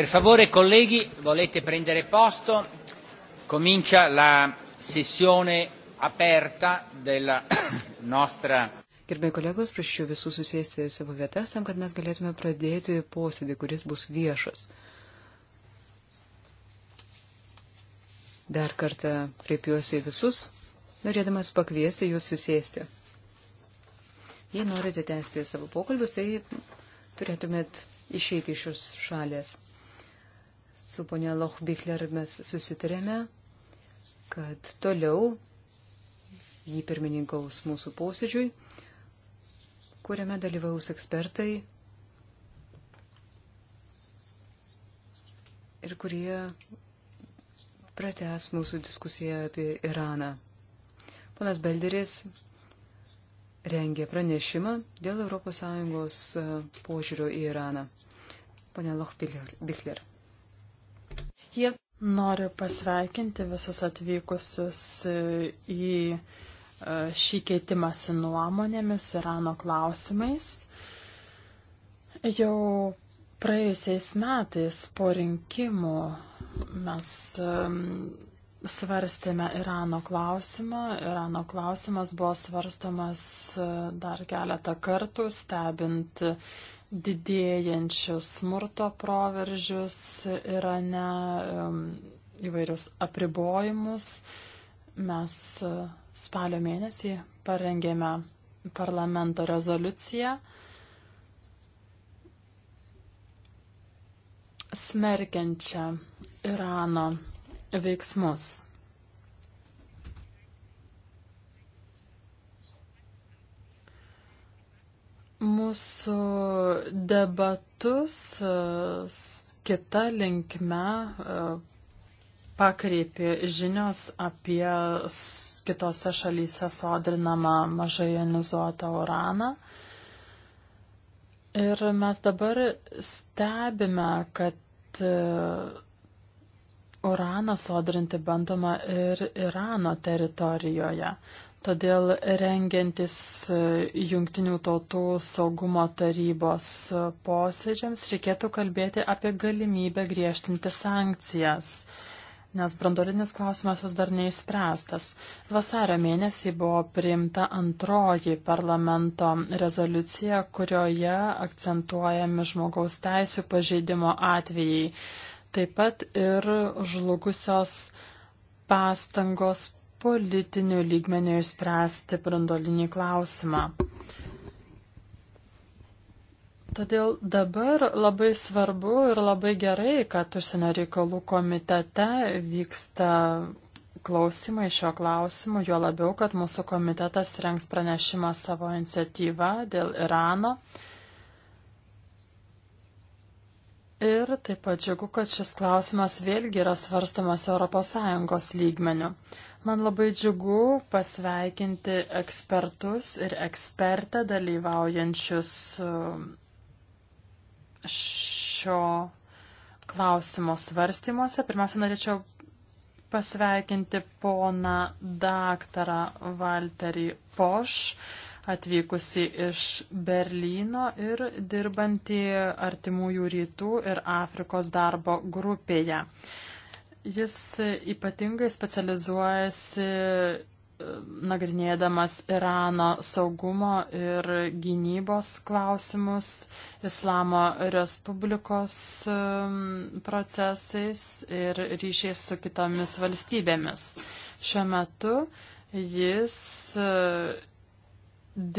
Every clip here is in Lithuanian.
Per favore, colleghi, volete prendere posto? Comincia la sessione aperta della nostra. Gerbėjai kolegos, prašyčiau visus susėsti į savo vietas tam, kad mes galėtume pradėti posėdį, kuris bus viešas. Dar kartą kreipiuosi į visus, norėdamas pakviesti jūs susėsti. Jei norite tęsti savo pokalbius, tai turėtumėt išeiti iš šios šalės. Su ponia Lochbichler mes susitarėme, kad toliau jį pirmininkaus mūsų posėdžiui, kuriame dalyvaus ekspertai ir kurie pratęs mūsų diskusiją apie Iraną. Ponas Belderis rengė pranešimą dėl ES požiūrio į Iraną. Pone Lochbichler. Noriu pasveikinti visus atvykusius į e, šį keitimąsi nuomonėmis Irano klausimais. Jau praėjusiais metais po rinkimų mes e, svarstėme Irano klausimą. Irano klausimas buvo svarstamas e, dar keletą kartų, stebint didėjančius smurto proveržius Irane, įvairius apribojimus. Mes e, spalio mėnesį parengėme parlamento rezoliuciją smerkiančią Irano veiksmus. mūsų debatus e, kita linkme e, pakreipė žinios apie kitose šalyse sodrinamą mažai ionizuotą uraną. Ir mes dabar stebime, kad e, uraną sodrinti bandoma ir Irano teritorijoje. Todėl rengiantis e, jungtinių tautų saugumo tarybos e, posėdžiams reikėtų kalbėti apie galimybę griežtinti sankcijas, nes brandolinis klausimas vis dar neįspręstas. Vasario mėnesį buvo priimta antroji parlamento rezoliucija, kurioje akcentuojami žmogaus teisų pažeidimo atvejai, taip pat ir žlugusios pastangos politinių lygmenių išspręsti brandolinį klausimą. Todėl dabar labai svarbu ir labai gerai, kad užsienio reikalų komitete vyksta klausimai šio klausimu, juo labiau, kad mūsų komitetas rengs pranešimą savo iniciatyvą dėl Irano. Ir taip pat džiugu, kad šis klausimas vėlgi yra svarstomas ES lygmeniu. Man labai džiugu pasveikinti ekspertus ir ekspertę dalyvaujančius um, šio klausimo svarstymuose. Pirmiausia, norėčiau pasveikinti poną daktarą Walterį Poš, atvykusi iš Berlyno ir dirbantį artimųjų rytų ir Afrikos darbo grupėje. Jis ypatingai specializuojasi e, nagrinėdamas Irano saugumo ir gynybos klausimus, Islamo Respublikos e, procesais ir ryšiais su kitomis valstybėmis. Šiuo metu jis e,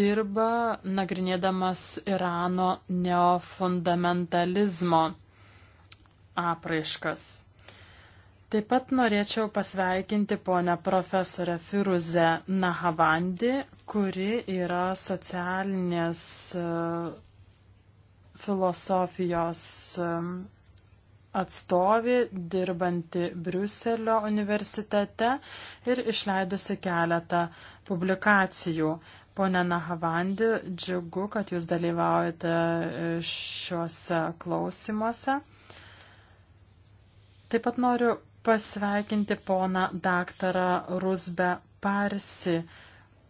dirba nagrinėdamas Irano neofundamentalizmo apraiškas. Taip pat norėčiau pasveikinti ponę profesorę Firuzę Nahavandi, kuri yra socialinės e, filosofijos e, atstovė, dirbanti Briuselio universitete ir išleidusi keletą publikacijų. Pone Nahavandi, džiugu, kad jūs dalyvaujate e, šiuose klausimuose. Taip pat noriu pasveikinti poną daktarą Rusbę Parsi,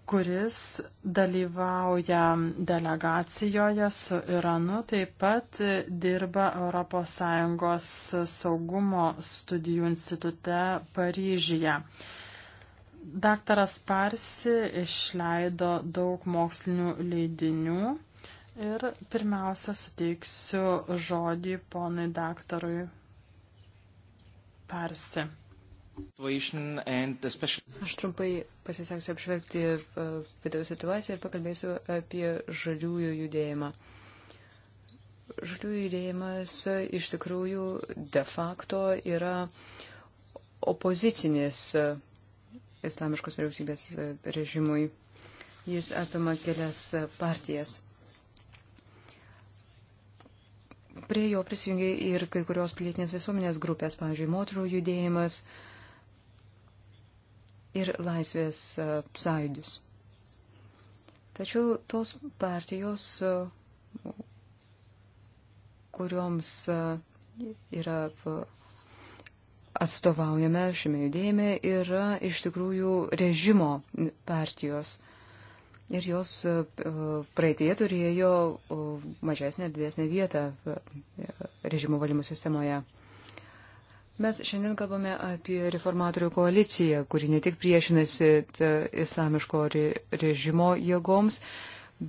kuris dalyvauja delegacijoje su Iranu, taip pat dirba ES saugumo studijų institute Paryžyje. Daktaras Parsi išleido daug mokslinių leidinių ir pirmiausia suteiksiu žodį ponui daktarui Parsi. Aš trumpai pasiseksiu apžvelgti e, vidaus situaciją ir pakalbėsiu apie žaliųjų judėjimą. Žaliųjų judėjimas iš tikrųjų de facto yra opozicinis e, islamiškos vyriausybės e, režimui. Jis apima kelias partijas. Prie jo prisijungė ir kai kurios pilietinės visuomenės grupės, pavyzdžiui, moterų judėjimas ir laisvės e, sąjūdis. Tačiau tos partijos, e, kurioms e, yra atstovaujame šiame judėjime, yra iš tikrųjų režimo partijos ir jos e, praeitėje turėjo e, mažesnę, didesnę vietą e, režimo valdymo sistemoje. Mes šiandien kalbame apie reformatorių koaliciją, kuri ne tik priešinasi islamiško režimo jėgoms,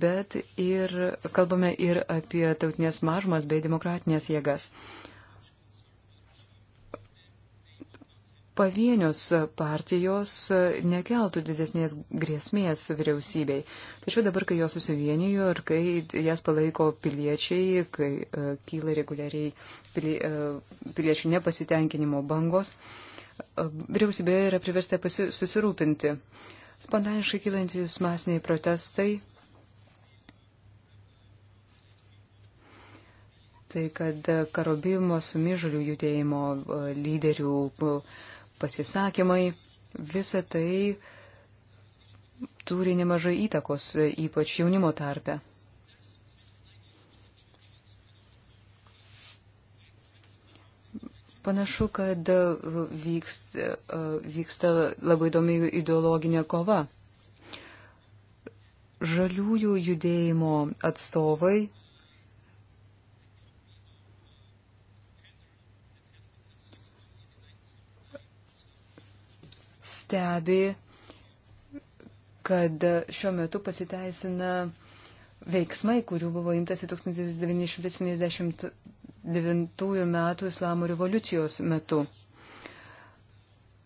bet ir kalbame ir apie tautinės mažumas bei demokratinės jėgas. Uh, pavienios partijos nekeltų didesnės grėsmės vyriausybei. Tačiau dabar, kai jos susivienijo ir kai jas palaiko piliečiai, kai uh, kyla reguliariai pilie, uh, piliečių nepasitenkinimo bangos, uh, vyriausybė yra priversta susirūpinti. Spontaniškai kylantis masiniai protestai. Tai kad karobimo sumižalių judėjimo e, lyderių pasisakymai, visa tai turi nemažai įtakos, ypač jaunimo tarpe. Panašu, kad vyksta, vyksta labai įdomi ideologinė kova. Žaliųjų judėjimo atstovai stebi, kad šiuo metu pasiteisina veiksmai, kurių buvo imtasi 1979 metų islamo revoliucijos metu.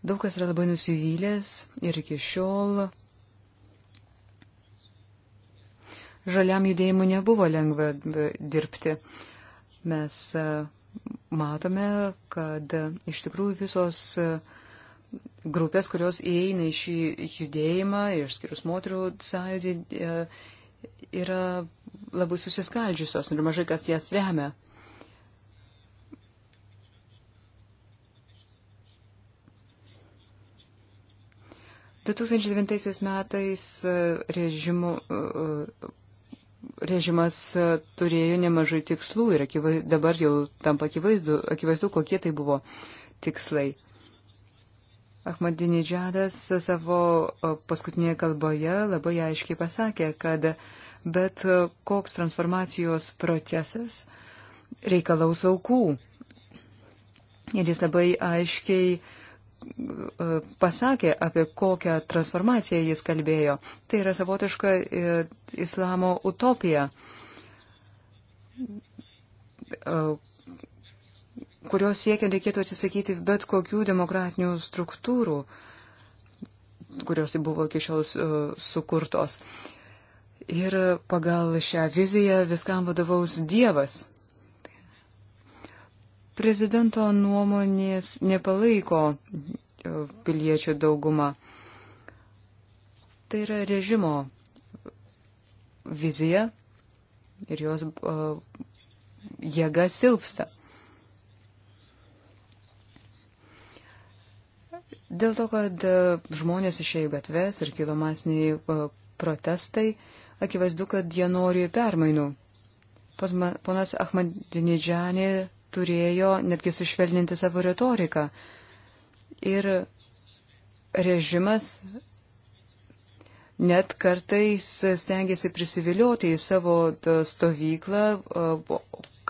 Daug kas yra labai nusivylęs ir iki šiol žaliam judėjimu nebuvo lengva dirbti. Mes e, matome, kad iš tikrųjų visos uh, grupės, kurios įeina į šį judėjimą, išskyrus moterų sąjūdį, e, yra labai susiskaldžiusios ir mažai kas jas remia. De 2009 metais e, režimu, e, režimas turėjo nemažai tikslų ir dabar jau tampa akivaizdu, akivaizdu kokie tai buvo tikslai. Ahmadinidžadas savo paskutinėje kalboje labai aiškiai pasakė, kad bet koks transformacijos procesas reikalaus aukų. Ir jis labai aiškiai pasakė, apie kokią transformaciją jis kalbėjo. Tai yra savotiška e, islamo utopija kurios siekia reikėtų atsisakyti bet kokių demokratinių struktūrų, kurios buvo iki šiol sukurtos. Ir pagal šią viziją viskam vadovaus Dievas. Prezidento nuomonės nepalaiko e, piliečių dauguma. Tai yra režimo vizija ir jos e, jėga silpsta. Dėl to, kad e, žmonės išėjo gatves ir kilo masiniai e, protestai, akivaizdu, kad jie nori permainų. Ponas Ahmadinidžianė turėjo netgi sušvelninti savo retoriką. Ir režimas net kartais stengiasi prisivilioti į savo e, stovyklą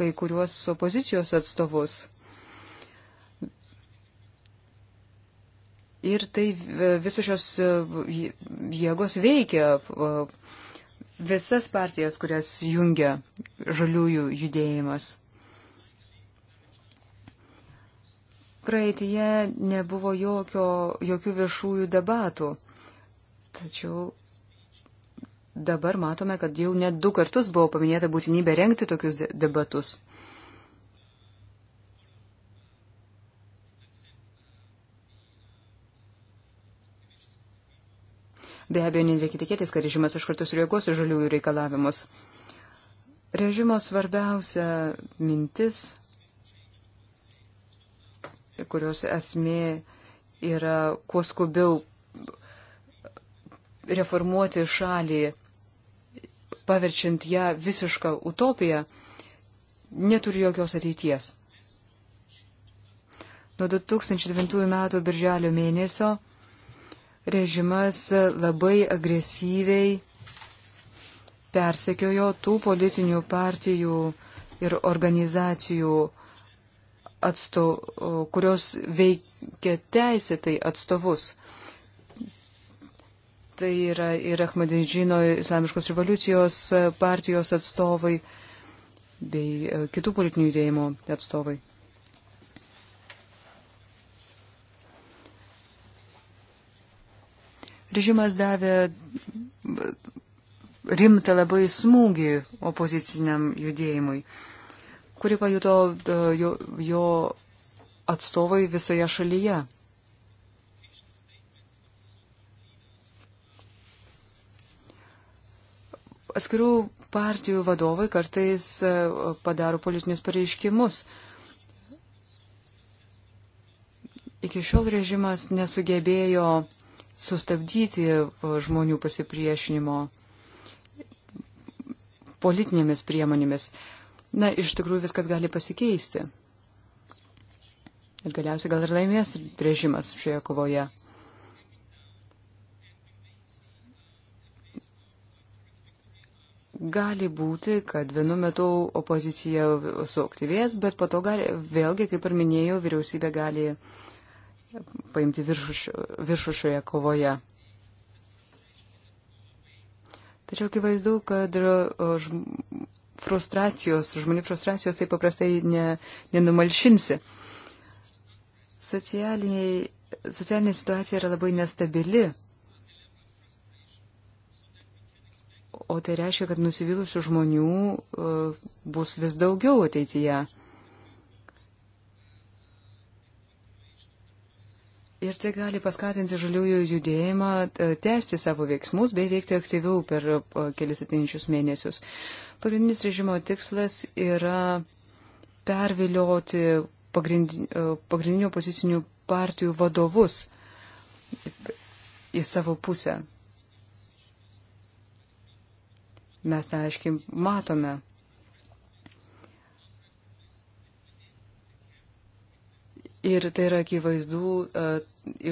kai kuriuos opozicijos atstovus. Ir tai visos šios e, jėgos veikia e, visas partijas, kurias jungia žaliųjų judėjimas. Praeitie nebuvo jokio, jokių viešųjų debatų. Tačiau dabar matome, kad jau net du kartus buvo paminėta būtinybė renkti tokius debatus. Be abejo, nereikia tikėtis, kad režimas iš karto sureaguos į žaliųjų reikalavimus. Režimo svarbiausia mintis, kurios esmė yra kuo skubiau reformuoti šalį, paverčiant ją visišką utopiją, neturi jokios ateities. Nuo 2009 metų birželio mėnesio režimas labai agresyviai persekiojo tų politinių partijų ir organizacijų atsto, kurios veikia teisėtai atstovus. Tai yra ir Ahmadinžino islamiškos revoliucijos partijos atstovai bei e, kitų politinių judėjimų atstovai. Režimas davė rimtą labai smūgį opoziciniam judėjimui, kurį pajuto e, jo, jo atstovai visoje šalyje. Atskirų partijų vadovai kartais e, padaro politinius pareiškimus. Iki šiol režimas nesugebėjo uh, sustabdyti e, žmonių pasipriešinimo politinėmis priemonėmis. Na, iš tikrųjų viskas gali pasikeisti. Ir galiausiai gal ir laimės režimas šioje kovoje. Gali būti, kad vienu metu opozicija suaktyvės, bet po to gali, vėlgi, kaip ir minėjau, vyriausybė gali uh, paimti viršų, viršų šioje kovoje. Tačiau akivaizdu, kad e, frustracijos, žmonių frustracijos taip paprastai ne, nenumalšinsi. Socialiniai, socialinė situacija yra labai nestabili. O tai reiškia, kad nusivylusių žmonių e, bus vis daugiau ateityje. Ir tai gali paskatinti žaliųjų judėjimą e, tęsti savo veiksmus bei veikti aktyviau per e, kelias atinčius mėnesius. Pagrindinis režimo tikslas yra pervilioti e, pagrindinių opozicinių partijų vadovus į savo pusę. Mes tą aiškiai matome. Ir tai yra akivaizdu e,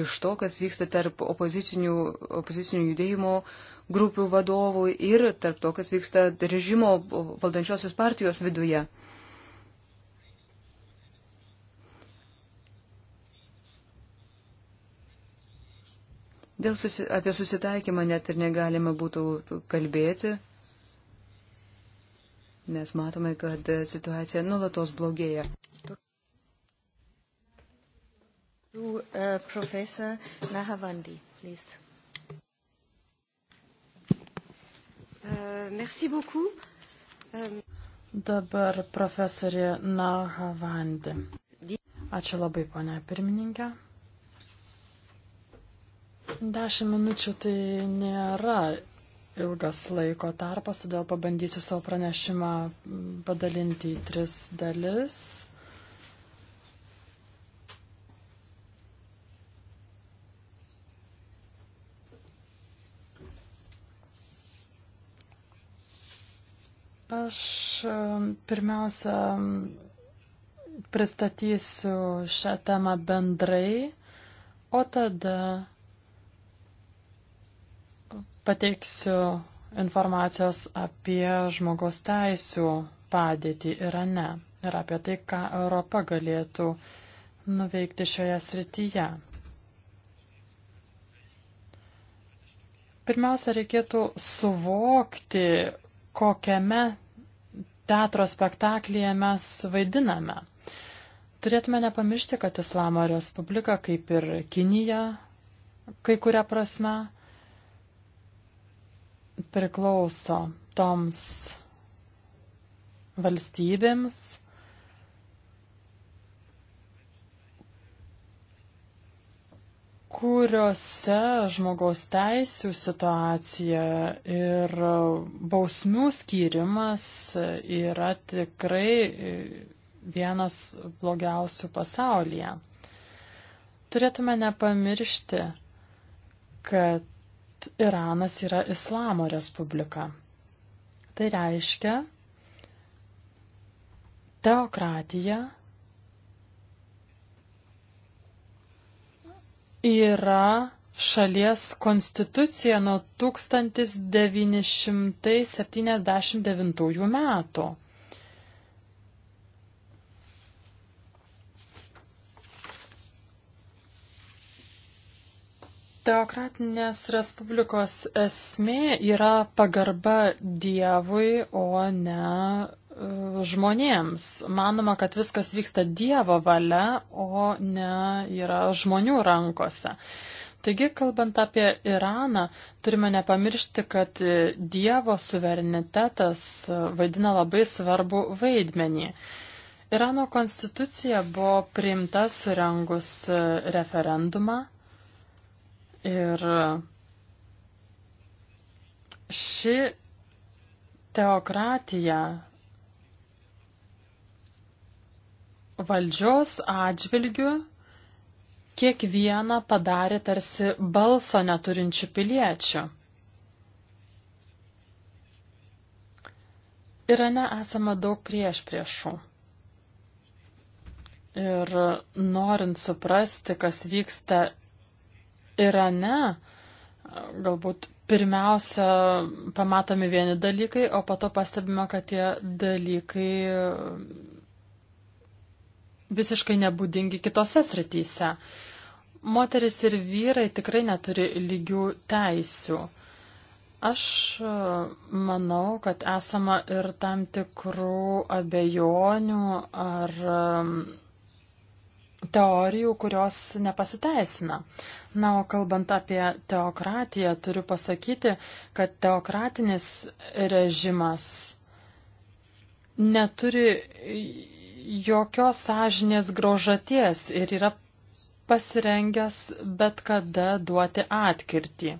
iš to, kas vyksta tarp opozicinių, opozicinių judėjimo grupių vadovų ir tarp to, kas vyksta režimo valdančiosios partijos viduje. Dėl susi, apie susitaikymą net ir negalima būtų kalbėti, nes matome, kad situacija nulatos blogėja to uh, Professor Nahavandi, please. Uh, merci beaucoup. Um, Dabar profesorė Nahavandi. Ačiū labai, ponia pirmininkė. Dešimt minučių tai nėra ilgas laiko tarpas, todėl pabandysiu savo pranešimą padalinti į tris dalis. Aš pirmiausia pristatysiu šią temą bendrai, o tada pateiksiu informacijos apie žmogaus teisų padėtį Irane ir apie tai, ką Europa galėtų nuveikti šioje srityje. Pirmiausia, reikėtų suvokti, kokiame teatro spektaklyje mes vaidiname. Turėtume nepamiršti, kad Islamo Respublika, kaip ir Kinija, kai kuria prasme, priklauso toms valstybėms, kuriuose žmogaus teisų situacija ir bausmių skyrimas yra tikrai vienas blogiausių pasaulyje. Turėtume nepamiršti, kad Iranas yra Islamo Respublika. Tai reiškia, teokratija yra šalies konstitucija nuo 1979 metų. Teokratinės respublikos esmė yra pagarba Dievui, o ne žmonėms. Manoma, kad viskas vyksta Dievo valia, o ne yra žmonių rankose. Taigi, kalbant apie Iraną, turime nepamiršti, kad Dievo suverenitetas vaidina labai svarbu vaidmenį. Irano konstitucija buvo priimta surengus referendumą ir ši teokratija valdžios atžvilgių kiekvieną padarė tarsi balso neturinčių piliečių. Irane esama daug prieš priešų. Ir norint suprasti, kas vyksta Irane, galbūt pirmiausia pamatomi vieni dalykai, o po to pastebime, kad tie dalykai visiškai nebūdingi kitose srityse. Moteris ir vyrai tikrai neturi lygių teisių. Aš e, manau, kad esama ir tam tikrų abejonių ar e, teorijų, kurios nepasiteisina. Na, o kalbant apie teokratiją, turiu pasakyti, kad teokratinis režimas neturi jokios sąžinės grožaties ir yra pasirengęs bet kada duoti atkirtį.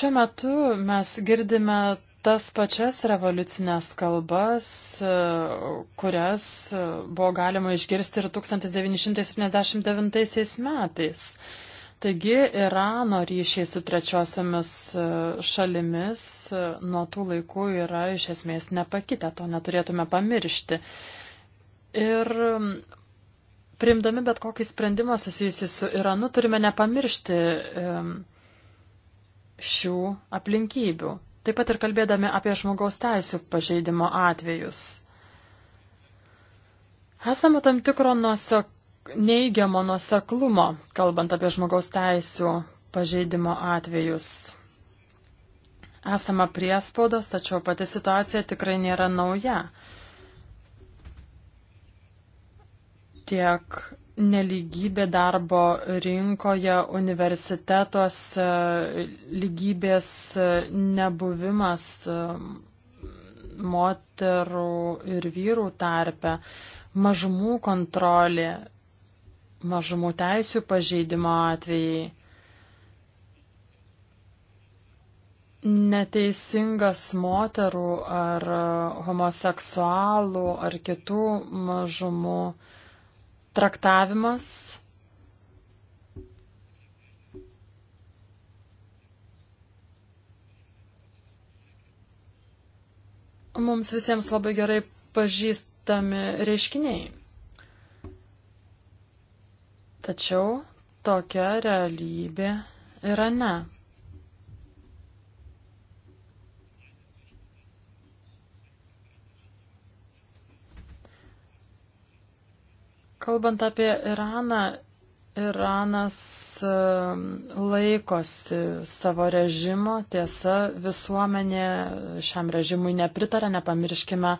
Šiuo metu mes girdime tas pačias revoliucinės kalbas, kurias buvo galima išgirsti ir 1979 metais. Taigi Irano ryšiai su trečiosiamis e, šalimis e, nuo tų laikų yra iš esmės nepakitę, to neturėtume pamiršti. Ir priimdami bet kokį sprendimą susijusį su Iranu turime nepamiršti e, šių aplinkybių. Taip pat ir kalbėdami apie žmogaus teisų pažeidimo atvejus. Esame tam tikro nuosek neigiamo nuseklumo, kalbant apie žmogaus teisų pažeidimo atvejus. Esama priespaudos, tačiau pati situacija tikrai nėra nauja. Tiek neligybė darbo rinkoje, universitetuose, lygybės nebuvimas moterų ir vyrų tarpe, mažumų kontrolė mažumų teisių pažeidimo atvejai, neteisingas moterų ar homoseksualų ar kitų mažumų traktavimas. Mums visiems labai gerai pažįstami reiškiniai. Tačiau tokia realybė yra ne. Kalbant apie Iraną, Iranas ehm, laikosi savo režimo, tiesa, visuomenė šiam režimui nepritarė, nepamirškime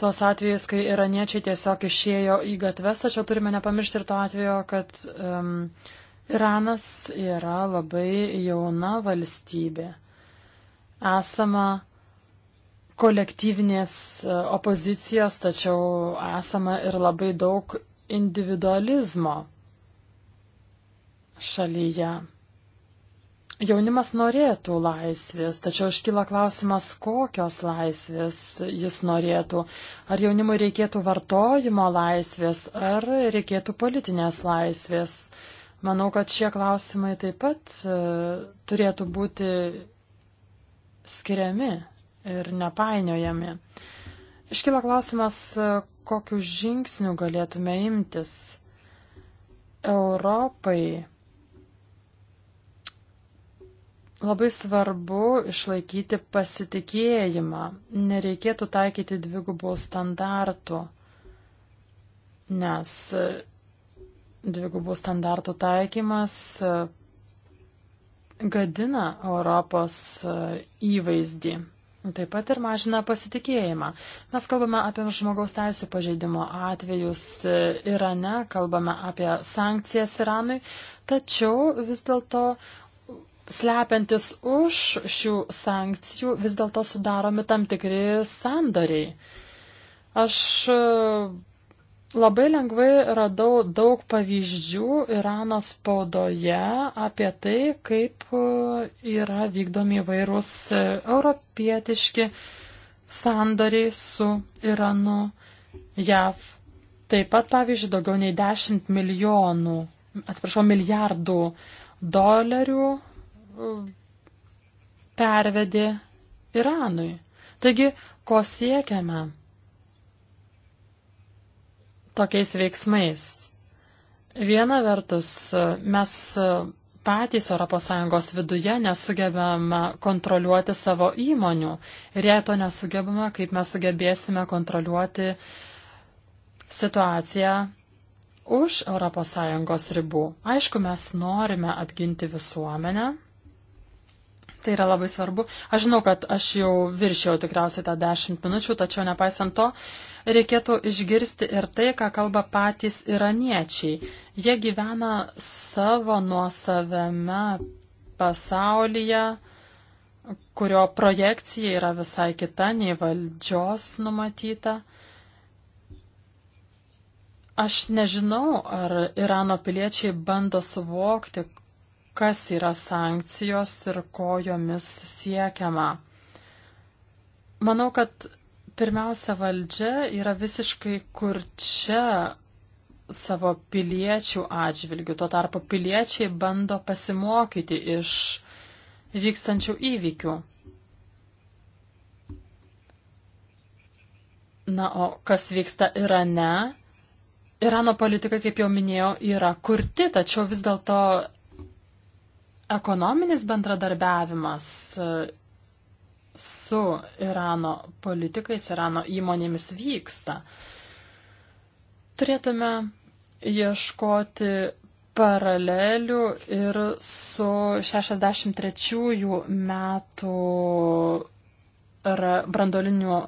tuos atvejus, kai iraniečiai tiesiog išėjo į gatves, tačiau turime nepamiršti ir to atvejo, kad um, Iranas yra labai jauna valstybė. Esama kolektyvinės e, opozicijos, tačiau esama ir labai daug individualizmo šalyje. Jaunimas norėtų laisvės, tačiau iškyla klausimas, kokios laisvės jis norėtų. Ar jaunimui reikėtų vartojimo laisvės, ar reikėtų politinės laisvės. Manau, kad šie klausimai taip pat e, turėtų būti skiriami ir nepainiojami. Iškyla klausimas, e, kokiu žingsniu galėtume imtis. Europai Labai svarbu išlaikyti pasitikėjimą. Nereikėtų taikyti dvigubų standartų, nes e, dvigubų standartų taikymas e, gadina Europos e, įvaizdį. Taip pat ir mažina pasitikėjimą. Mes kalbame apie žmogaus teisų pažeidimo atvejus Irane, kalbame apie sankcijas Iranui, tačiau vis dėlto uh, slepiantis už šių sankcijų vis dėlto sudaromi tam tikri sandoriai. Aš e, labai lengvai radau daug pavyzdžių Irano spaudoje apie tai, kaip e, yra vykdomi vairūs e, europietiški sandoriai su Iranu JAV. Taip pat, pavyzdžiui, daugiau nei 10 milijonų, atsiprašau, milijardų dolerių pervedė Iranui. Taigi, ko siekiame tokiais veiksmais? Viena vertus, mes patys ES viduje nesugebame kontroliuoti savo įmonių. Ir jei to nesugebame, kaip mes sugebėsime kontroliuoti situaciją už ES ribų. Aišku, mes norime apginti visuomenę, Tai yra labai svarbu. Aš žinau, kad aš jau viršėjau tikriausiai tą 10 minučių, tačiau nepaisant to, reikėtų išgirsti ir tai, ką kalba patys iraniečiai. Jie gyvena savo nuosavame pasaulyje, kurio projekcija yra visai kita nei valdžios numatyta. Aš nežinau, ar Irano piliečiai bando suvokti, kas yra sankcijos ir ko jomis siekiama. Manau, kad pirmiausia valdžia yra visiškai kurčia savo piliečių atžvilgių. Tuo tarpu piliečiai bando pasimokyti iš vykstančių įvykių. Na, o kas vyksta Irane? Irano politika, kaip jau minėjau, yra kurti, tačiau vis dėlto Ekonominis bendradarbiavimas e, su Irano politikais, Irano įmonėmis vyksta. Turėtume ieškoti paralelių ir su 63 metų brandolinių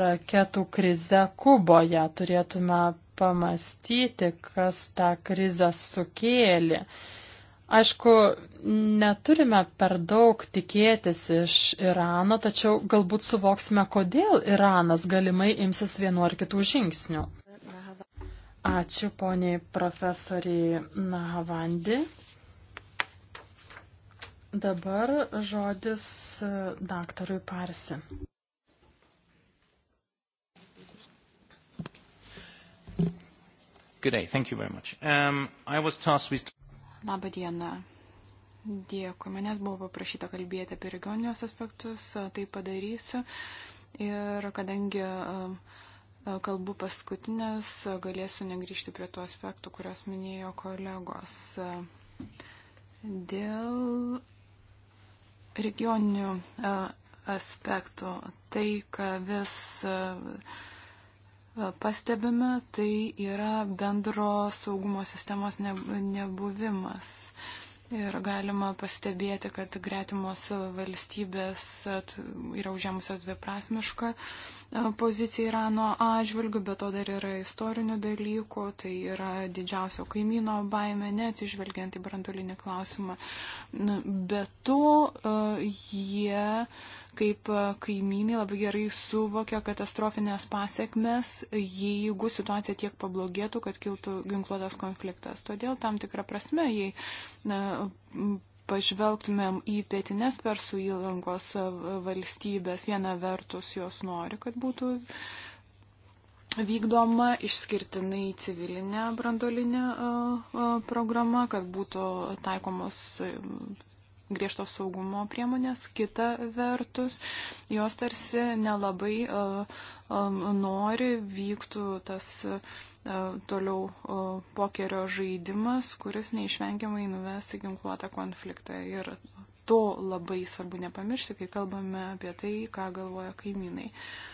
raketų krize Kuboje. Turėtume pamastyti, kas tą krizę sukėlė. Aišku, neturime per daug tikėtis iš Irano, tačiau galbūt suvoksime, kodėl Iranas galimai imsis vienu ar kitų žingsnių. Ačiū poniai profesoriai Nahavandi. Dabar žodis daktarui Parsi. Good day. Thank you very much. Um, I was tasked with Labą dieną. Dėkui. Manęs buvo paprašyta kalbėti apie regioninius aspektus, tai padarysiu. Ir kadangi kalbu paskutinės, galėsiu negryžti prie tų aspektų, kurios minėjo kolegos. Dėl regioninių aspektų tai, ką vis E, pastebime, tai yra bendro saugumo sistemos nebuvimas. Ir galima pastebėti, kad gretimos valstybės e, yra užėmusios dviprasmišką e, poziciją Irano atžvilgių, bet to dar yra istorinių dalykų, tai yra didžiausio kaimyno baime, neatsižvelgiant į brandulinį klausimą. Be to jie. Uh, kaip e, kaimynai labai gerai suvokia katastrofinės pasiekmes, jeigu situacija tiek pablogėtų, kad kiltų ginkluotas konfliktas. Todėl tam tikrą prasme, jei na, pažvelgtumėm į pietinės persų įlankos e, valstybės, viena vertus jos nori, kad būtų vykdoma išskirtinai civilinė brandolinė e, programa, kad būtų taikomos griežtos saugumo priemonės, kita vertus, jos tarsi nelabai e, e, nori vyktų tas e, toliau pokerio žaidimas, kuris neišvengiamai nuves į ginkluotą konfliktą. Ir to labai svarbu nepamiršti, kai kalbame apie tai, ką galvoja kaimynai. Uh,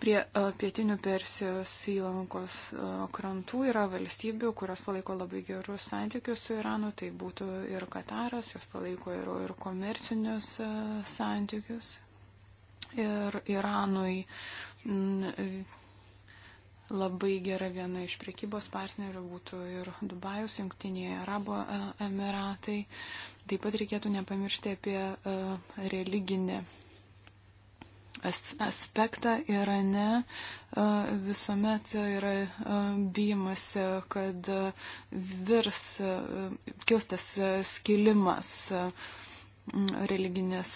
Prie e, pietinių Persijos įlankos e, krantų yra valstybių, kurios palaiko labai gerus santykius su Iranu, tai būtų ir Kataras, jos palaiko ir, ir komercinius e, santykius. Ir Iranui labai gera viena iš priekybos partnerių būtų ir Dubajus, Junktiniai Arabo Emiratai. Taip pat reikėtų nepamiršti apie religinę aspektą Irane e, visuomet yra e, bijimasi, kad e, virs kilstas skilimas religinis,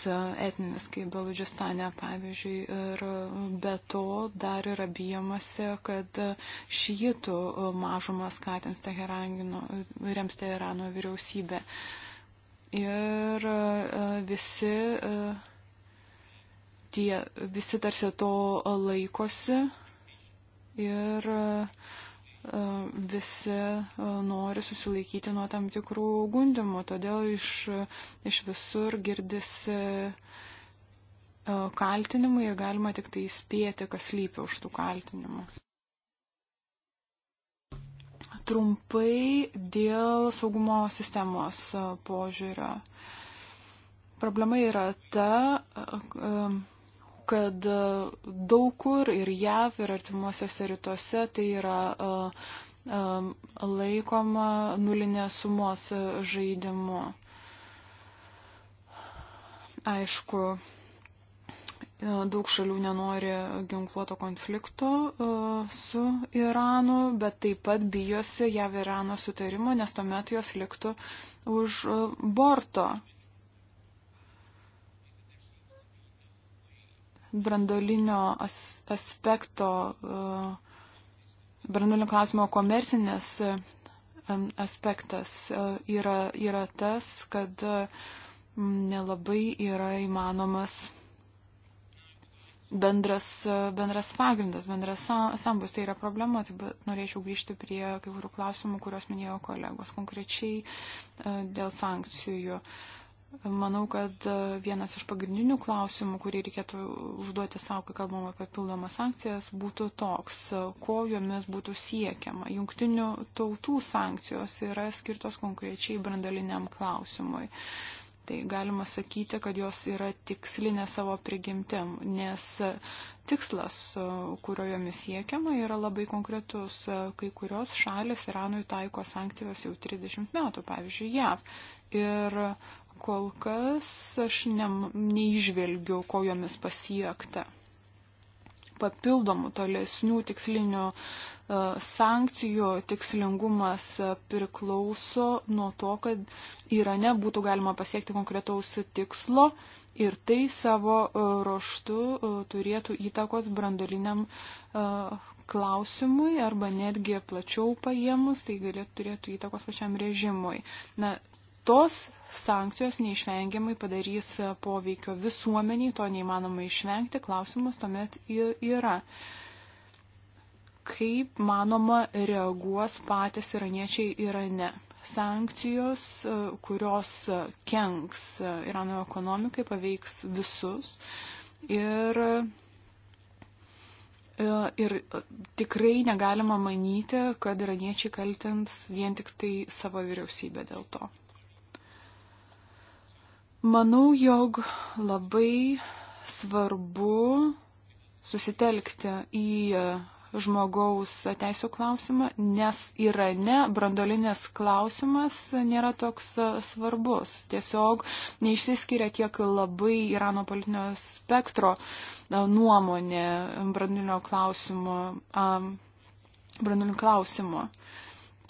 etinis, kaip Beludžistane, pavyzdžiui. Ir be to dar yra bijomasi, kad šytų mažumą skatins Teherangino, rems Teherano vyriausybė. Ir visi tie visi tarsi to laikosi ir e, visi e, nori susilaikyti nuo tam tikrų gundimų, todėl iš, iš visur girdisi e, kaltinimai ir galima tik tai įspėti, kas lypia už tų kaltinimų. Trumpai dėl saugumo sistemos požiūrio problema yra ta, kad e, daug kur ir JAV ir artimuosiuose rytuose tai yra e, e, laikoma nulinės sumos žaidimu. Aišku, daug šalių nenori ginkluoto konflikto su Iranu, bet taip pat bijosi JAV Irano sutarimo, nes tuomet jos liktų už borto. brandolinio as, aspekto, e, brandolinio klausimo komercinės e, aspektas e, yra, yra tas, kad nelabai yra įmanomas bendras, bendras pagrindas, bendras sambus. Tai yra problema, tai norėčiau grįžti prie kai kurių klausimų, kuriuos minėjo kolegos, konkrečiai dėl sankcijų. Uh, Manau, kad e, vienas iš pagrindinių klausimų, kurį reikėtų užduoti savo, kai kalbam apie pildomas sankcijas, būtų toks, e, ko jomis būtų siekiama. Jungtinių tautų sankcijos yra skirtos konkrečiai brandaliniam klausimui. Tai galima sakyti, kad jos yra tikslinė savo prigimtim, nes e, tikslas, kurio jomis siekiama, yra labai konkretus. Kai kurios šalis Iranui taiko sankcijas jau 30 metų, pavyzdžiui, JAV. Ir Kol kas aš ne, neižvelgiu, ko jomis pasiekta. Papildomų tolesnių tikslinių e, sankcijų tikslingumas e, priklauso nuo to, kad Irane būtų galima pasiekti konkretaus tikslo ir tai savo e, roštu turėtų įtakos brandoliniam klausimui arba netgi plačiau paėmus, tai galėtų turėtų įtakos pačiam režimui. Na, tos sankcijos neišvengiamai padarys poveikio visuomeniai, to neįmanoma išvengti, klausimas tuomet yra. Kaip manoma reaguos patys iraniečiai Irane? Sankcijos, kurios kenks Irano ekonomikai, paveiks visus. Ir e, Ir tikrai negalima manyti, kad iraniečiai kaltins vien tik tai savo vyriausybę dėl to. Manau, jog labai svarbu susitelkti į žmogaus teisų klausimą, nes Irane brandolinis klausimas nėra toks svarbus. Tiesiog neišsiskiria tiek labai Irano politinio spektro nuomonė brandolinio klausimo. Brandolinio klausimo.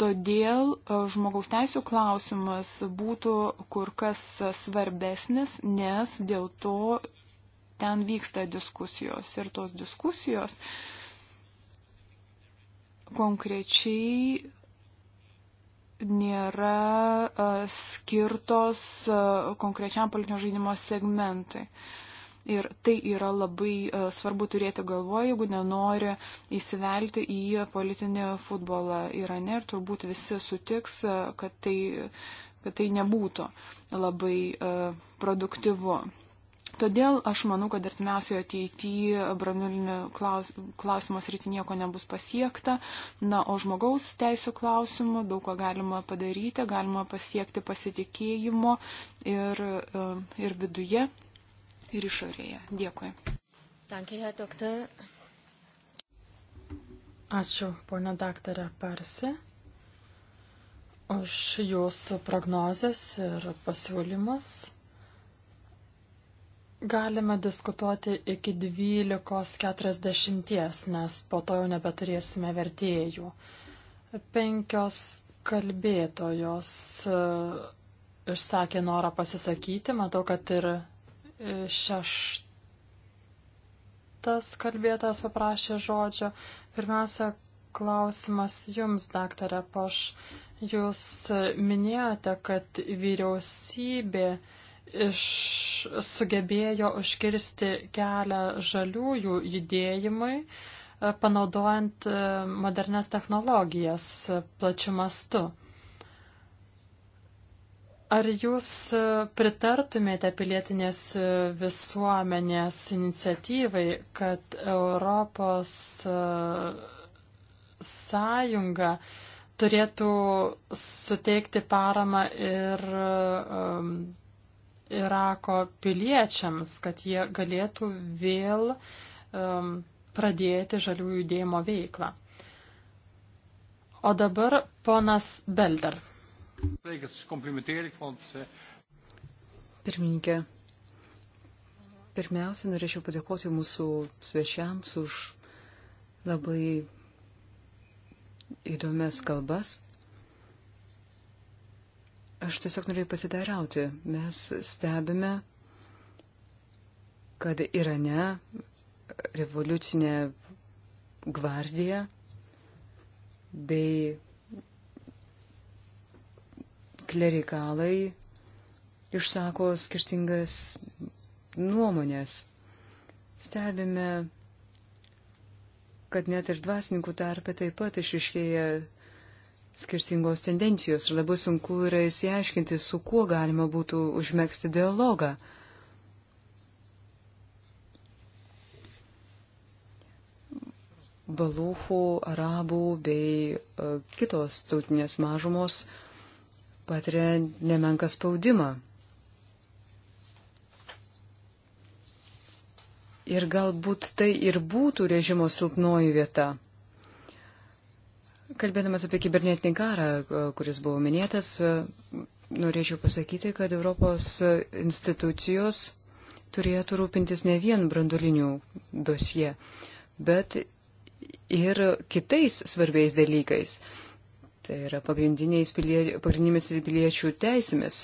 Todėl e, žmogaus teisų klausimas būtų kur kas svarbesnis, nes dėl to ten vyksta diskusijos ir tos diskusijos konkrečiai nėra e, skirtos e, konkrečiam politinio žaidimo segmentui. Uh, Ir tai yra labai e, svarbu turėti galvoje, jeigu nenori įsivelti į politinį futbolą Irane ir turbūt visi sutiks, e, kad tai, kad tai nebūtų labai e, produktyvu. Todėl aš manau, kad artimiausioje ateityje branulinio klaus, klausimo srity nieko nebus pasiekta. Na, o žmogaus teisų klausimų daug ko galima padaryti, galima pasiekti pasitikėjimo ir, ir viduje, ir išorėje. Dėkui. Ačiū, ponia daktarė Parsi, už jūsų prognozes ir pasiūlymus. Galime diskutuoti iki 12.40, nes po to jau nebeturėsime vertėjų. Penkios kalbėtojos e, išsakė norą pasisakyti, matau, kad ir Šeštas kalbėtojas paprašė žodžio. Pirmiausia, klausimas jums, daktarė Poš. Jūs minėjote, kad vyriausybė iš, sugebėjo užkirsti kelią žaliųjų judėjimui, panaudojant modernes technologijas plačiu mastu. Ar jūs e, pritartumėte pilietinės e, visuomenės iniciatyvai, kad Europos e, sąjunga turėtų suteikti paramą ir um, Irako piliečiams, kad jie galėtų vėl um, pradėti žaliųjų judėjimo veiklą? O dabar ponas Belder. Eh, Pirmininkė, pirmiausia, norėčiau padėkoti mūsų svečiams už labai įdomias kalbas. Aš tiesiog norėjau pasidairauti. Mes stebime, kad Irane revoliucinė gvardija bei klerikalai išsako skirtingas nuomonės. Stebime, kad net ir dvasininkų tarpe taip pat išiškėja skirtingos tendencijos ir labai sunku yra įsiaiškinti, su kuo galima būtų užmėgsti dialogą. balūchų, arabų bei e, kitos tautinės mažumos patiria nemenką spaudimą. Ir galbūt tai ir būtų režimo silpnoji vieta. Kalbėdamas apie kibernetinį karą, kuris buvo minėtas, norėčiau pasakyti, kad Europos institucijos turėtų rūpintis ne vien brandolinių dosie, bet ir kitais svarbiais dalykais. Tai yra pilie, pagrindinėmis piliečių teisėmis.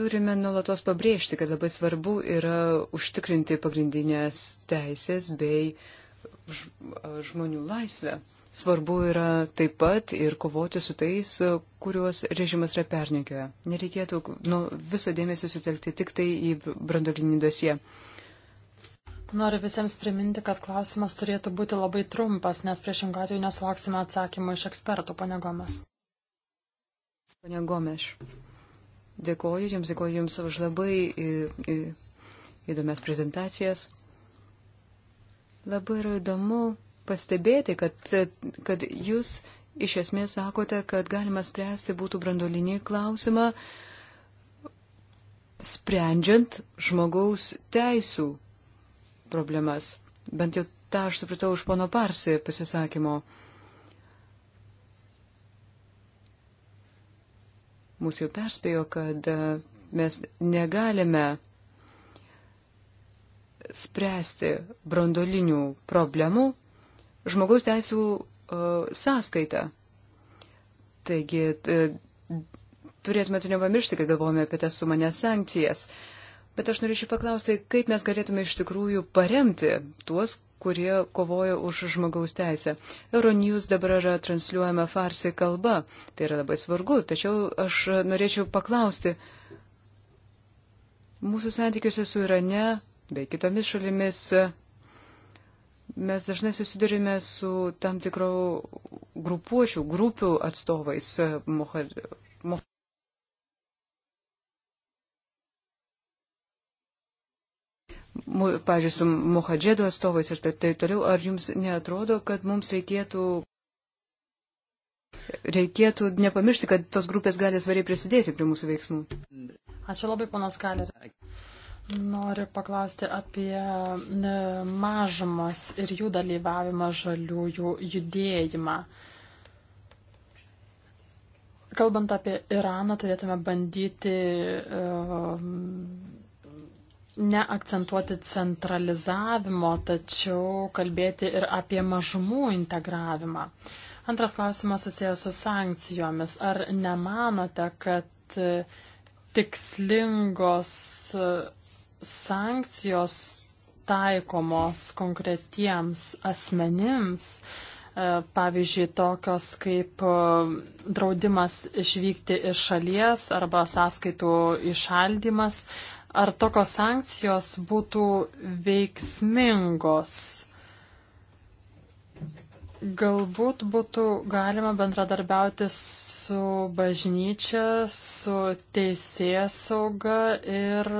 Turime nulatos pabrėžti, kad labai svarbu yra užtikrinti pagrindinės teisės bei žmonių laisvę. Svarbu yra taip pat ir kovoti su tais, kuriuos režimas yra pernikioja. Nereikėtų nu, viso dėmesio sutelkti tik tai į brandolinį dosiją. Noriu visiems priminti, kad klausimas turėtų būti labai trumpas, nes priešingų atveju nesulauksime atsakymų iš ekspertų, pane Gomes. Pane Gomes, dėkoju Jums, dėkoju Jums už labai į, į, įdomias prezentacijas. Labai yra įdomu pastebėti, kad, kad Jūs iš esmės sakote, kad galima spręsti būtų brandolinį klausimą, sprendžiant žmogaus teisų problemas. Bent jau tą aš supratau iš pono Parsi pasisakymo. Mūsų jau perspėjo, kad e, mes negalime spręsti brandolinių problemų žmogaus teisų e, sąskaita. Taigi e, turėtume tu nepamiršti, kai galvojame apie tas sumanės sankcijas. Uh, Bet aš norėčiau paklausti, kaip mes galėtume iš tikrųjų paremti tuos, kurie kovoja už žmogaus teisę. Euronews dabar yra transliuojama farsiai kalba. Tai yra labai svarbu. Tačiau aš norėčiau paklausti, mūsų santykiuose su Irane bei kitomis šalimis mes dažnai susidurime su tam tikro grupuočių, grupių atstovais. Moha, moha, pažiūrėjau, su Mohadžedo atstovais ir taip tai toliau, ar jums netrodo, kad mums reikėtų, reikėtų nepamiršti, kad tos grupės gali svariai prisidėti prie mūsų veiksmų? Ačiū labai, ponas Kaler. Noriu paklausti apie mažumas ir jų dalyvavimą žaliųjų judėjimą. Kalbant apie Iraną, turėtume bandyti uh, neakcentuoti centralizavimo, tačiau kalbėti ir apie mažumų integravimą. Antras klausimas susijęs su sankcijomis. Ar nemanote, kad e, tikslingos e, sankcijos taikomos konkretiems asmenims, e, pavyzdžiui, tokios kaip draudimas išvykti iš šalies arba sąskaitų išaldymas, ar tokios sankcijos būtų veiksmingos. Galbūt būtų galima bendradarbiauti su bažnyčia, su teisėjas sauga ir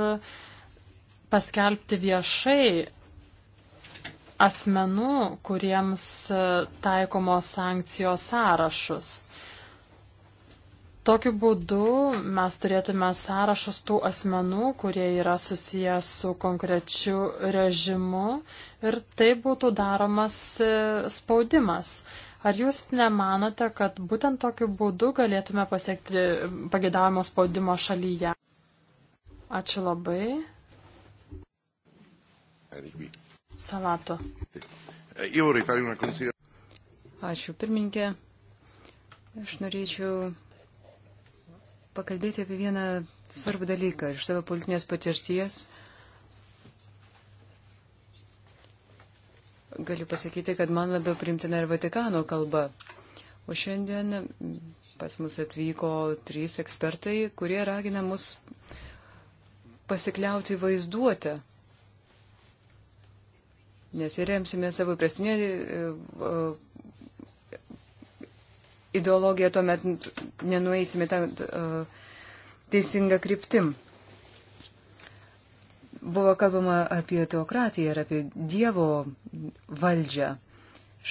paskelbti viešai asmenų, kuriems taikomos sankcijos sąrašus. Tokiu būdu mes turėtume sąrašus tų asmenų, kurie yra susiję su konkrečiu režimu ir tai būtų daromas e, spaudimas. Ar jūs nemanote, kad būtent tokiu būdu galėtume pasiekti pagėdavimo spaudimo šalyje? Ačiū labai. Salato. Ačiū pirmininkė. Aš norėčiau pakalbėti apie vieną svarbų dalyką iš savo politinės patirties. Galiu pasakyti, kad man labiau primtina ir Vatikano kalba. O šiandien pas mus atvyko trys ekspertai, kurie ragina mus pasikliauti vaizduotę. Nes remsime savo prastinę e, ideologiją, tuomet nenueisime tą uh, teisingą kryptim. Buvo kalbama apie teokratiją ir apie Dievo valdžią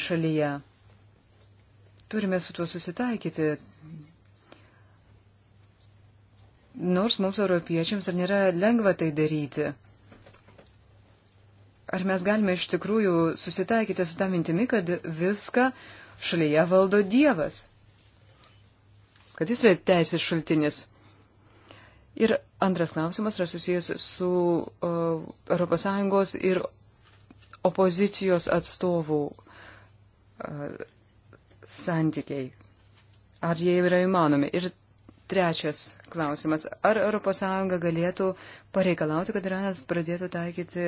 šalyje. Turime su tuo susitaikyti. Nors mums europiečiams ar nėra lengva tai daryti. Ar mes galime iš tikrųjų susitaikyti su tą mintimi, kad viską šalyje valdo Dievas? kad jis yra teisės šaltinis. Ir antras klausimas yra susijęs su uh, ES ir opozicijos atstovų uh, santykiai. Ar jie yra įmanomi? Ir trečias klausimas. Ar ES galėtų pareikalauti, kad Iranas pradėtų taikyti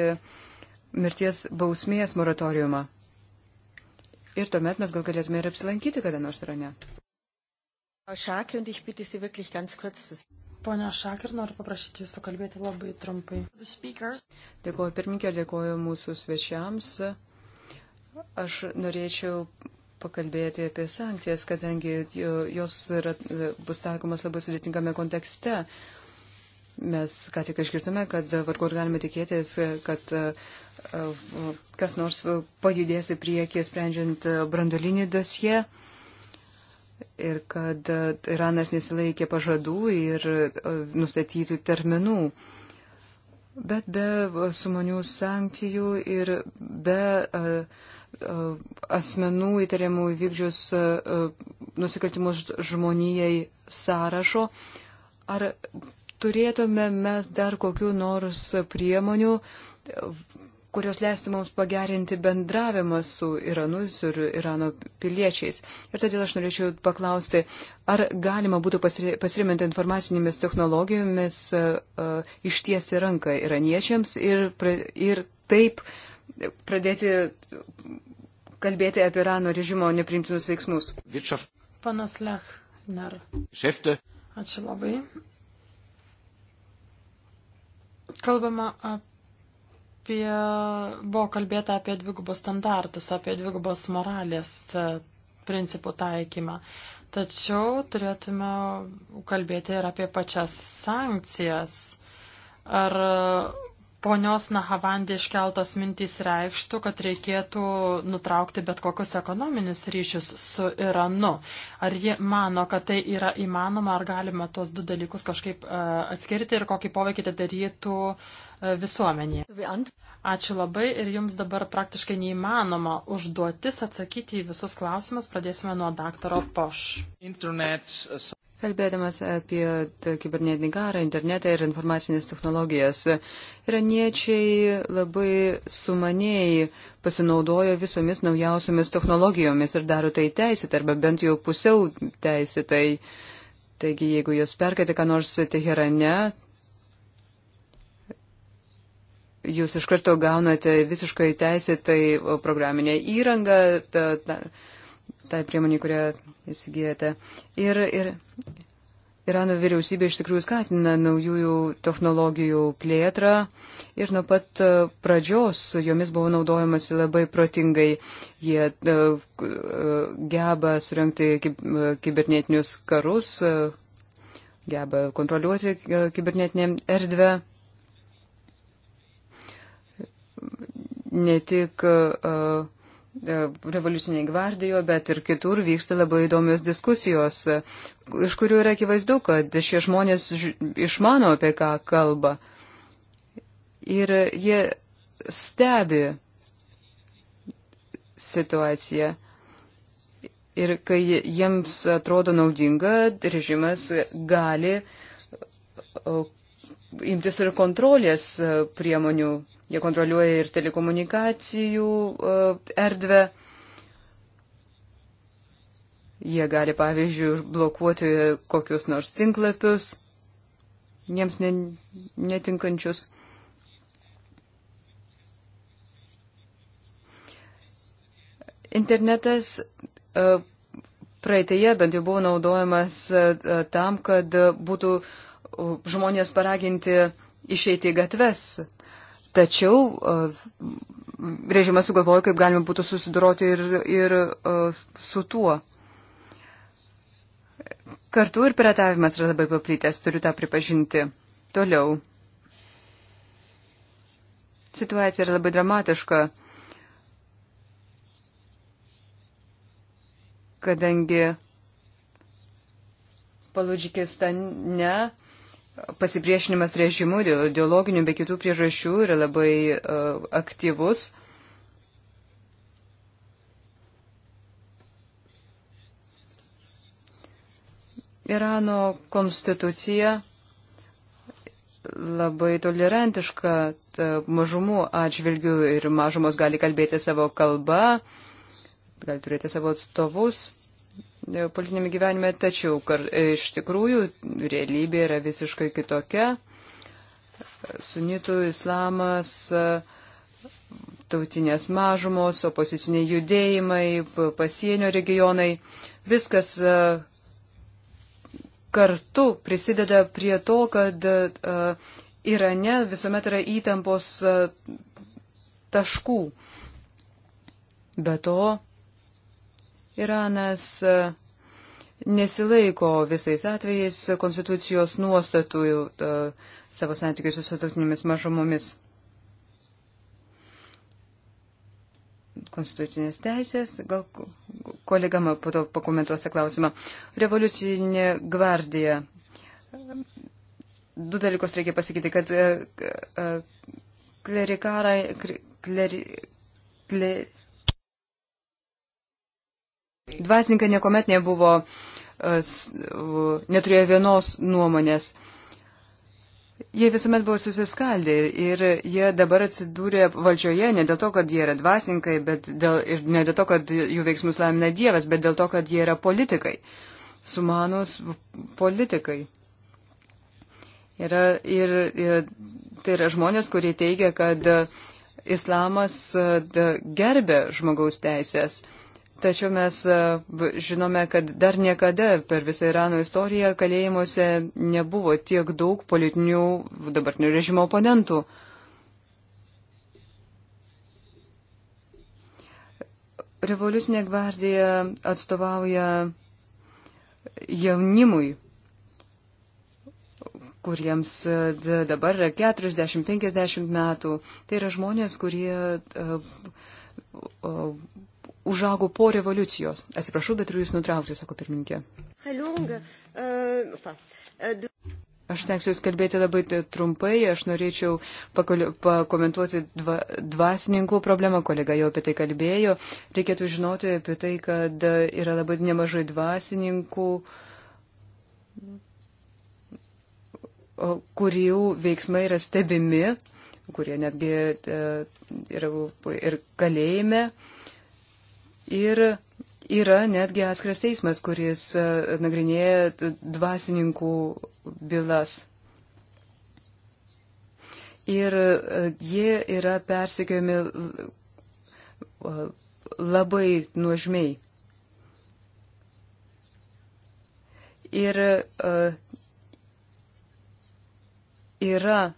mirties bausmės moratoriumą? Ir tuomet mes gal galėtume ir apsilankyti kada nors Irane. Šakė, und ich bitte Sie wirklich ganz kurz zu. Pone Šakir, noriu paprašyti Jūsų kalbėti labai trumpai. Dėkuoju pirmininkė, dėkuoju mūsų svečiams. Aš norėčiau pakalbėti apie sankcijas, kadangi jos yra, bus taikomas labai sudėtingame kontekste. Mes ką tik išgirdome, kad vargu ar galime tikėtis, kad e, e, kas nors pajudės į priekį, sprendžiant brandolinį dosiją ir kad e, Iranas nesilaikė pažadų ir e, nustatytų terminų. Bet be sumonių sankcijų ir be e, asmenų įtariamų įvykdžius nusikaltimus žmonijai sąrašo, ar turėtume mes dar kokiu nors priemonių kurios leistų mums pagerinti bendravimą su Iranu ir Irano piliečiais. Ir todėl aš norėčiau paklausti, ar galima būtų pasiriminti informacinėmis technologijomis uh, ištiesti ranką iraniečiams ir, ir taip pradėti kalbėti apie Irano režimo neprimtinus veiksmus. Panas Lech, ner. Šefte. Ačiū labai. Kalbama apie apie, buvo kalbėta apie dvigubos standartus, apie dvigubos moralės e, principų taikymą. Tačiau turėtume kalbėti ir apie pačias sankcijas. Ar ponios Nahavandė iškeltos mintys reikštų, kad reikėtų nutraukti bet kokius ekonominius ryšius su Iranu. Ar ji mano, kad tai yra įmanoma, ar galima tuos du dalykus kažkaip e, atskirti ir kokį poveikį tai darytų e, visuomenėje? Ačiū labai ir jums dabar praktiškai neįmanoma užduotis atsakyti į visus klausimus. Pradėsime nuo daktaro Poš. Internet... Kalbėdamas apie e, kibernetinį karą, internetą ir informacinės technologijas, iraniečiai labai sumaniai pasinaudojo visomis naujausiamis technologijomis ir daro tai teisėtai arba bent jau pusiau teisėtai. Taigi, jeigu jūs perkate ką nors Teherane, jūs iš karto gaunate visiškai teisėtai programinę įrangą. Ta, ta, tai priemonė, kurią įsigijate. Ir, ir Irano vyriausybė iš tikrųjų skatina naujųjų technologijų plėtrą ir nuo pat e, pradžios jomis buvo naudojamasi labai protingai. Jie uh, geba surinkti kibernetinius karus, uh, geba kontroliuoti kibernetinę erdvę. Ne tik uh, revoliuciniai gvardijo, bet ir kitur vyksta labai įdomios diskusijos, iš kurių yra akivaizdu, kad šie žmonės išmano, apie ką kalba. Ir jie stebi situaciją. Ir kai jiems atrodo naudinga, režimas gali imtis ir kontrolės priemonių Jie kontroliuoja ir telekomunikacijų e, erdvę. Jie gali, pavyzdžiui, blokuoti kokius nors tinklapius, jiems netinkančius. Internetas e, praeitėje bent jau buvo naudojamas e, tam, kad būtų žmonės paraginti išeiti į gatves Tačiau e, režimas sugalvojo, kaip galima būtų susidoroti ir, ir e, su tuo. Kartu ir piratavimas yra labai paplytęs, turiu tą pripažinti. Toliau. Situacija yra labai dramatiška, kadangi Paludžikistane pasipriešinimas režimu, ideologinių bei kitų priežasčių yra labai uh, aktyvus. Irano konstitucija labai tolerantiška mažumų atžvilgių ir mažumos gali kalbėti savo kalbą, gali turėti savo atstovus. E, politinėme gyvenime, tačiau kar, e, iš tikrųjų realybė yra visiškai kitokia. Sunitų islamas, e, tautinės mažumos, opoziciniai judėjimai, pasienio regionai, viskas kartu prisideda prie to, kad Irane visuomet yra įtampos taškų. Be to, Iranas e, nesilaiko visais atvejais konstitucijos nuostatų e, savo santykiuose su tautinėmis mažumomis. Konstitucinės teisės, gal kolega po to pakomentuos tą klausimą. Revoliucinė gvardija. Du dalykus reikia pasakyti, kad e, klerikarai, kleri, kleri, Dvasininkai niekuomet nebuvo, e, neturėjo vienos nuomonės. Jie visuomet buvo susiskaldę ir, ir jie dabar atsidūrė valdžioje ne dėl to, kad jie yra dvasininkai, bet dėl, ir ne dėl to, kad jų veiksmus lemina Dievas, bet dėl to, kad jie yra politikai, sumanus politikai. Yra, ir, ir tai yra žmonės, kurie teigia, kad e, islamas e, gerbė žmogaus teisės. Tačiau mes e, žinome, kad dar niekada per visą Irano istoriją kalėjimuose nebuvo tiek daug politinių dabartinių režimo oponentų. Revoliucinė gvardija atstovauja jaunimui, kuriems e, dabar yra 40-50 metų. Tai yra žmonės, kurie e, užaugo po revoliucijos. Atsiprašau, bet turiu jūs nutraukti, sako pirmininkė. Aš tenksiu kalbėti labai trumpai, aš norėčiau pakomentuoti dva, dvasininkų problemą, kolega jau apie tai kalbėjo. Reikėtų žinoti apie tai, kad yra labai nemažai dvasininkų, kurių veiksmai yra stebimi, kurie netgi e, yra ir kalėjime. Ir yra netgi atskiras teismas, kuris e, nagrinėja dvasininkų bylas. Ir e, jie yra persekiojami e, labai nuožmiai. Ir yra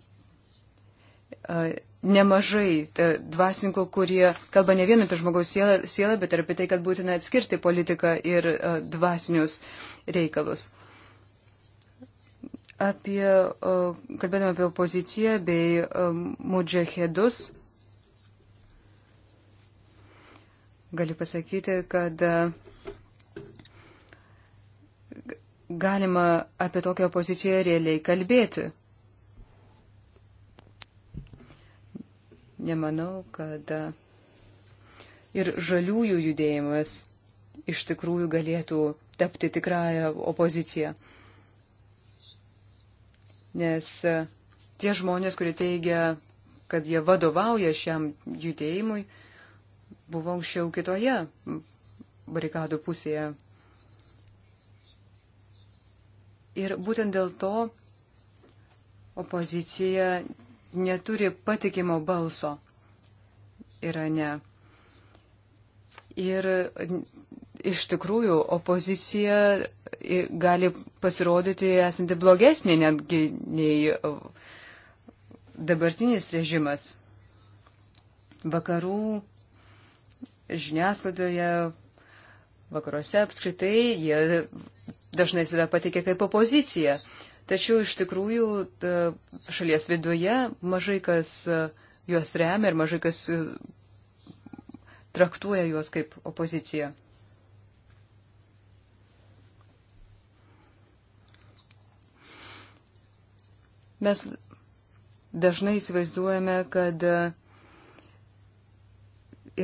nemažai dvasininkų, kurie kalba ne vien apie žmogaus sielą, sielą, bet ir apie tai, kad būtina atskirti politiką ir e, dvasinius reikalus. Apie, kalbėdami apie opoziciją bei e, mudžahedus, galiu pasakyti, kad e, galima apie tokią opoziciją realiai kalbėti. Nemanau, kad e, ir žaliųjų judėjimas iš tikrųjų galėtų tapti tikrąją opoziciją. Nes e, tie žmonės, kurie teigia, kad jie vadovauja šiam judėjimui, buvo anksčiau kitoje barikadų pusėje. Ir būtent dėl to opozicija neturi patikimo balso Irane. Ir iš tikrųjų opozicija gali pasirodyti esanti blogesnė netgi nei dabartinis režimas. Vakarų žiniasklaidoje, vakaruose apskritai, jie dažnai save patikė kaip opozicija. Tačiau iš tikrųjų e, šalies viduje mažai kas e, juos remia ir mažai kas e, traktuoja juos kaip opoziciją. Mes dažnai įsivaizduojame, kad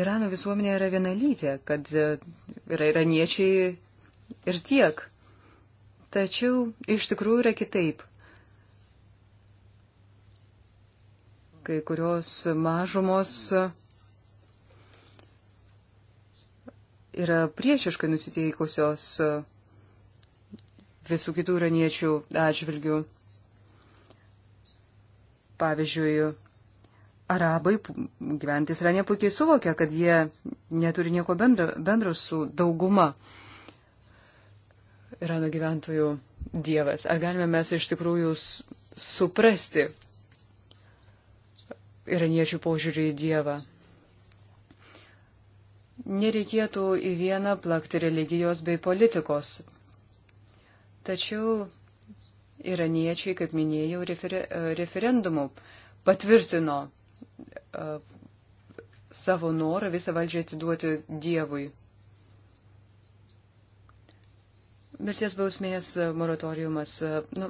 Irano visuomenė yra vienalytė, kad yra iraniečiai ir tiek. Tačiau iš tikrųjų yra kitaip. Kai kurios mažumos yra priešiškai nusiteikusios visų kitų iraniečių atžvilgių. Pavyzdžiui, arabai gyventis Irane puikiai suvokia, kad jie neturi nieko bendro, bendro su dauguma Irano gyventojų dievas. Ar galime mes iš tikrųjų suprasti iraniečių požiūrį į dievą? Nereikėtų į vieną plakti religijos bei politikos. Tačiau iraniečiai, kaip minėjau, refer referendumu patvirtino savo norą visą valdžią atiduoti Dievui. Mirties bausmės e, moratoriumas. E, nu,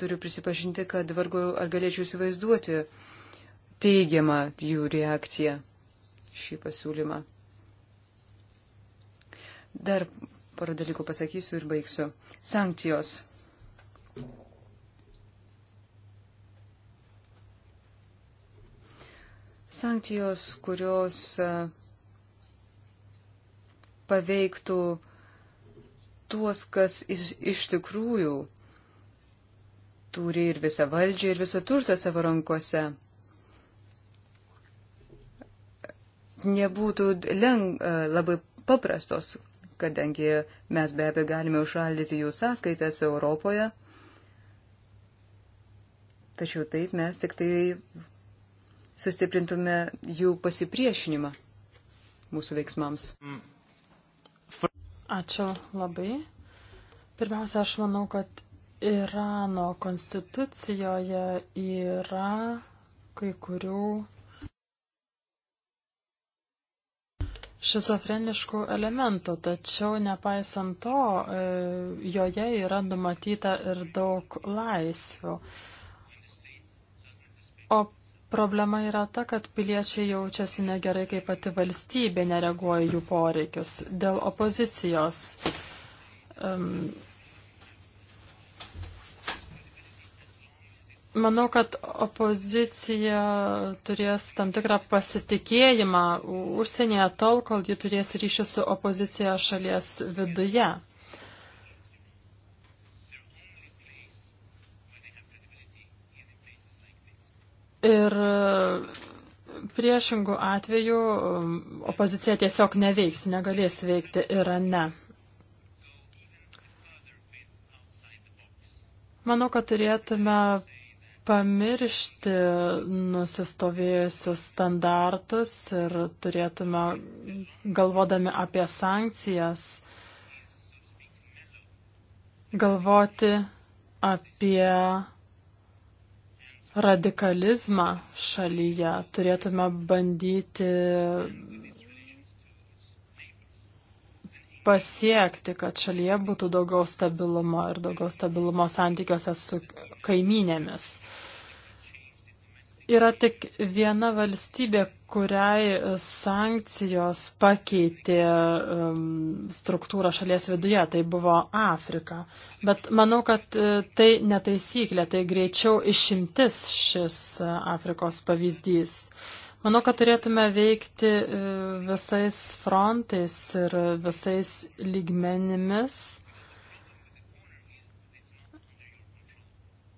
turiu prisipažinti, kad vargu ar galėčiau įsivaizduoti teigiamą jų reakciją šį pasiūlymą. Dar porą dalykų pasakysiu ir baigsiu. Sankcijos. Sankcijos, kurios e, paveiktų uh, tuos, kas iš tikrųjų turi ir visą valdžią, ir visą turtą savo rankose. Nebūtų leng, e, labai paprastos, kadangi mes be abejo galime užšaldyti jų sąskaitas Europoje. Tačiau taip mes tik tai sustiprintume jų pasipriešinimą mūsų veiksmams. Mm. Ačiū labai. Pirmiausia, aš manau, kad Irano konstitucijoje yra kai kurių šizofreniškų elementų, tačiau nepaisant to, e, joje yra numatyta ir daug laisvių. O Problema yra ta, kad piliečiai jaučiasi negerai, kai pati valstybė nereaguoja jų poreikius dėl opozicijos. Um, Manau, kad opozicija turės tam tikrą pasitikėjimą užsienyje tol, kol ji turės ryšių su opozicija šalies viduje. Ir e, priešingų atvejų e, opozicija tiesiog neveiks, negalės veikti Irane. Manau, kad turėtume pamiršti nusistovėjusius standartus ir turėtume, galvodami apie sankcijas, galvoti apie radikalizmą šalyje. Turėtume bandyti pasiekti, kad šalyje būtų daugiau stabilumo ir daugiau stabilumo santykiuose su kaimynėmis. Uh, yra tik viena valstybė, kuriai sankcijos pakeitė um, struktūrą šalies viduje, tai buvo Afrika. Bet manau, kad e, tai netaisyklė, tai greičiau išimtis šis e, Afrikos pavyzdys. Manau, kad turėtume veikti e, visais frontais ir visais lygmenimis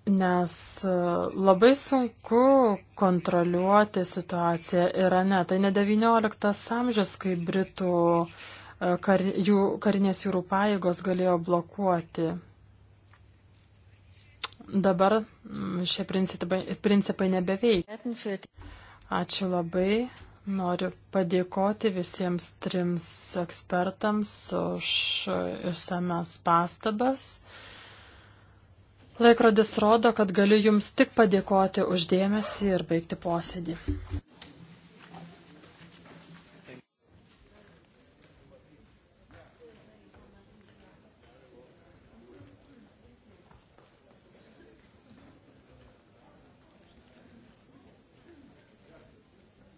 Nes e, labai sunku kontroliuoti situaciją Irane. Tai ne XIX amžius, kai Britų e, kar, jų, karinės jūrų pajėgos galėjo blokuoti. Dabar mm, šie principai, principai nebeveikia. Ačiū labai. Noriu padėkoti visiems trims ekspertams už išsames pastabas. Laikrodis rodo, kad galiu Jums tik padėkoti uždėmesį ir baigti posėdį.